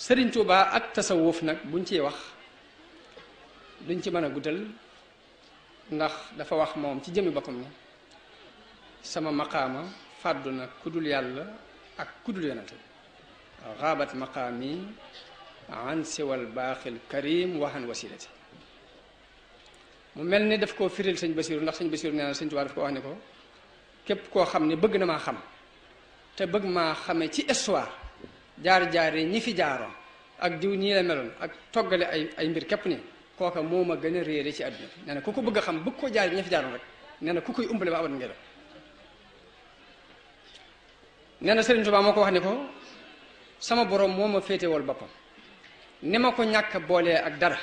serigne touba ak tasawuf nak buñ ci wax duñ ci mëna a guddal ndax dafa wax mom ci jëmi bakam ni sama maqama fàddu na kudul yàlla ak kudul yonante xaabat maqaami an siwal baaxil karim waxan wasilati mu mel ni daf koo firil sëñ Basiru ndax sëñ Basiru nee na sëñ Tuubaa daf ko wax ne ko képp koo xam bëgg na maa xam te bëgg maa xame ci histoire jaar-jaar yi ñi fi jaaroon ak diw ñii la meloon ak toggale ay ay mbir képp ni kooka moo ma gën a réere ci àdduna nee na ku ko bëgg a xam bëgg ko jaar ñi fi jaaroon rek nee na ku koy umbale ba abat ngelaw nee na Sëriñ Tuubaa moo ko wax ni ko sama borom moo ma féetewal boppam ni ma ko ñàkk boolee ak dara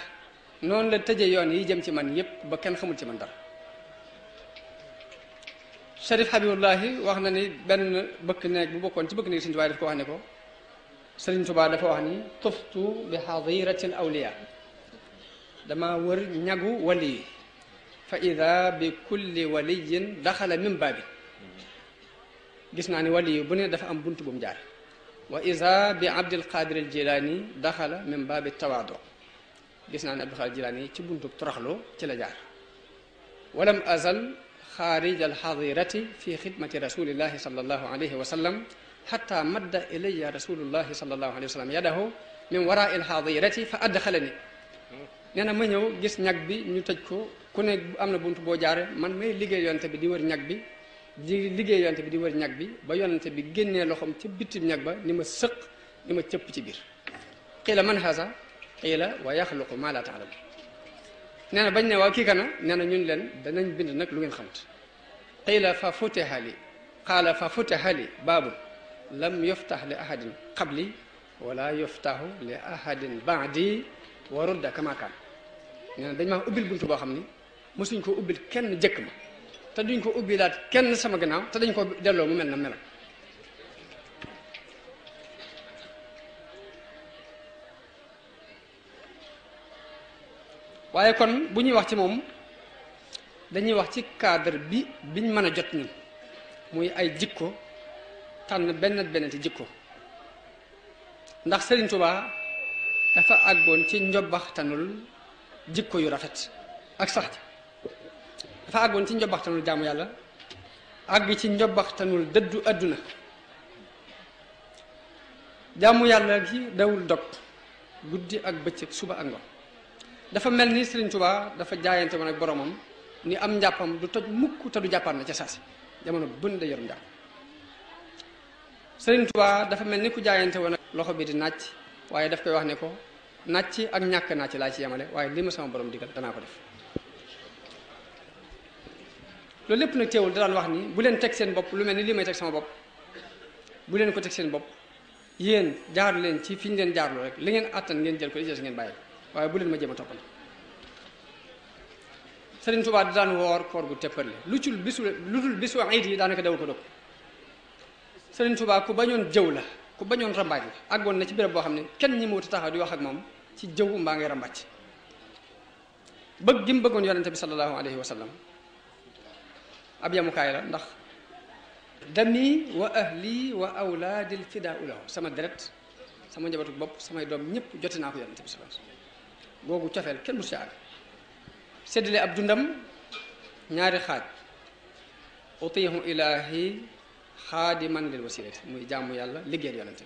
noonu la tëje yoon yi jëm ci man yépp ba kenn xamul ci man dara Sharif Habibullahi wax na ni benn bëkk neeg bu bokkoon ci bëkk neeg Sëriñ Tuubaa daf ko wax ne ko سرين تبارك فوهني طفت بحظيرة الأولياء لما ور نجو ولي فإذا بكل ولي دخل من بابي جسنا عن ولي بني دفع أم بنت جار وإذا بعبد القادر الجيلاني دخل من باب التواضع جسنا عن عبد القادر الجيلاني تي تبنت بترخلو تلا جار ولم أزل خارج الحظيرة في خدمة رسول الله صلى الله عليه وسلم حتى مد إلي رسول الله صلى الله عليه وسلم يده من وراء الحظيرة فأدخلني nee na ma ñëw gis ñag bi ñu tëj ko ku ne am na buntu boo jaare man may liggéey yonte bi di wër ñag bi di liggéey yonte bi di wër ñag bi ba yonte bi génnee loxoom ca bitim ñag ba ni ma sëq ni ma cëpp ci biir xiila man haasa xiila wa yaxluqu ma la taalam nee na bañ ne waaw kii kana nee na ñun leen danañ bind nag lu ngeen xamut xiila fa futiha li qaala fa futiha li baabun لم يفتح لأحد قبلي ولا يفتح لأحد بعدي ورد كما كان نانا يعني دنجما اوبيل بونت بو خامني مسوني كو اوبيل كين جيك ما تا دنج كو اوبيلات كين سما غناو تا دنج كو ديلو مو ملنا ملنا waye kon buñuy wax ci mom dañuy wax ci cadre bi biñ mëna jot tànn benn benn te jikko ndax Sëriñ Tuubaa dafa àggoon ci njobbaxtanul jikko yu rafet ak sax ji dafa àggoon ci njobbaxtanul jaamu yàlla àgg ci njobbaxtanul dëddu àdduna jaamu yàlla gi dawul dog guddi ak bëccëg suba ak ngoon dafa mel ni Sëriñ Tuubaa dafa jaayante woon ak boromam ni am njàppam du toj mukk te du jàppaat na ca saasi jamono bën da yor njàpp sëriñ Tuubaa dafa mel ni ku jaayante woon loxo bi di nàcc waaye daf koy wax ne ko nàcc ak ñàkk nàcc laa ci yemale waaye li ma sama borom digal danaa ko def loolu lépp nag teewul da daan wax ni bu leen teg seen bopp lu mel ni lii may teg sama bopp bu leen ko teg seen bopp yéen jaar leen ci fi ñu leen jaarloo rek li ngeen àttan ngeen jël ko li ngeen bàyyi waaye bu leen ma jéem a toppal sëriñ Tuubaa da daan woor koor gu tepparle lu cul bisu lu dul bisu iid yi daanaka dawul ko dog Sëriñ Tuubaa ku bañoon jëw la ku bañoon rambaaj la àggoon na ci béréb boo xam ne kenn ñi mu wuti taxaw di wax ak moom ci jëw mbaa ngay rambaaj bëgg gi mu bëggoon yonente bi sallallahu alayhi wa sallam yamukaay la ndax dami wa wa awlaadil fidaa ulaw sama deret sama njabootu bopp samay doom ñépp joti naa ko yonente bi sallallahu cofeel kenn bu si àgg séddale ab dundam ñaari xaaj utihu ilaahi xaadiman lil wasilati muy jàmm yàlla liggéeyal yonente